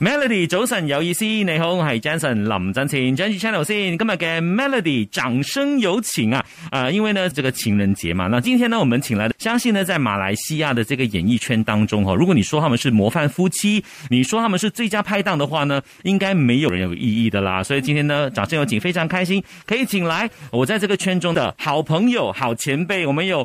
Melody 早晨有意思，你好，我係 Jason 林振晴。James Channel 先，今日嘅 Melody 掌聲有請啊，啊，因為呢，這個情人節嘛，那今天呢，我們請來的，相信呢，在馬來西亞的這個演藝圈當中，哈，如果你說他們是模範夫妻，你說他們是最佳拍檔的話呢，應該沒有人有異議的啦，所以今天呢，掌聲有請，非常開心可以請來我在這個圈中的好朋友、好前輩，我們有。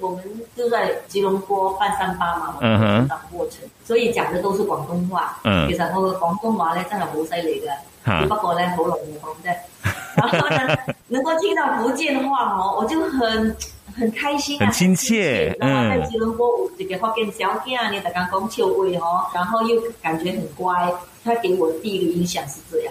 我們就在吉隆坡半山芭嘛，成、uh、長 -huh. 過程，所以講的都是廣東話。Uh -huh. 其實我嘅廣東話呢真係好犀利嘅，uh -huh. 包括咧喉嚨嘅。然後呢能夠 聽到福建話哦，我就很很開心，啊，很親切。嗯，然後在吉隆坡、嗯、有一個福建小仔，啊，你突然講潮話哦，然後又感覺很乖。他給我的第一印象是這樣。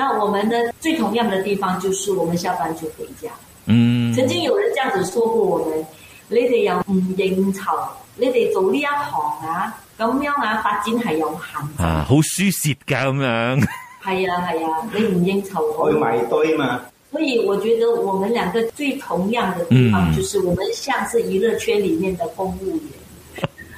那我們呢，最同樣的地方就是我們下班就回家。嗯，曾經有人這樣子說過我們，你哋要唔應酬，你哋做呢一行啊，咁樣啊，發展係有限啊，好舒適㗎，咁樣。係啊，係啊，你唔應酬可以埋堆嘛。 所以我覺得我們兩個最同樣的地方就是，我們像是娛樂圈裏面的公務員。